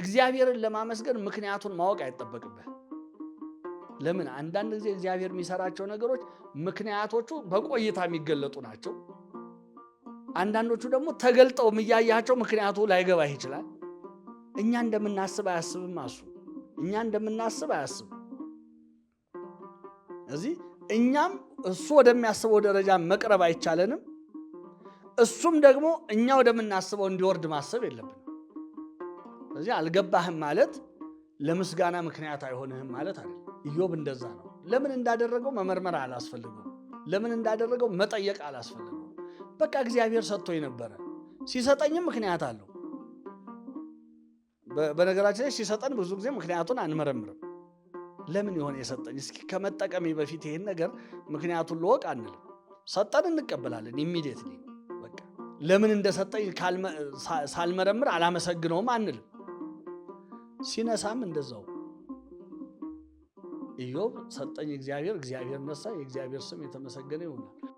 እግዚአብሔርን ለማመስገን ምክንያቱን ማወቅ አይጠበቅብህ። ለምን አንዳንድ ጊዜ እግዚአብሔር የሚሰራቸው ነገሮች ምክንያቶቹ በቆይታ የሚገለጡ ናቸው። አንዳንዶቹ ደግሞ ተገልጠው እያያቸው ምክንያቱ ላይገባህ ይችላል። እኛ እንደምናስብ አያስብም። አሱ እኛ እንደምናስብ አያስብ። እዚህ እኛም እሱ ወደሚያስበው ደረጃ መቅረብ አይቻለንም። እሱም ደግሞ እኛ ወደምናስበው እንዲወርድ ማሰብ የለብን። ስለዚህ አልገባህም ማለት ለምስጋና ምክንያት አይሆንህም ማለት አይደል። ኢዮብ እንደዛ ነው። ለምን እንዳደረገው መመርመር አላስፈልገው። ለምን እንዳደረገው መጠየቅ አላስፈልገው። በቃ እግዚአብሔር ሰጥቶኝ ነበረ፣ ሲሰጠኝም ምክንያት አለው። በነገራችን ላይ ሲሰጠን ብዙ ጊዜ ምክንያቱን አንመረምርም። ለምን የሆነ የሰጠኝ እስኪ ከመጠቀሚ በፊት ይህን ነገር ምክንያቱን ልወቅ አንልም። ሰጠን እንቀበላለን ኢሚዲየትሊ። ለምን እንደሰጠኝ ሳልመረምር አላመሰግነውም አንልም። ሲነሳም እንደዛው ኢዮብ ሰጠኝ እግዚአብሔር እግዚአብሔር ነሳ፣ የእግዚአብሔር ስም የተመሰገነ ይሆናል።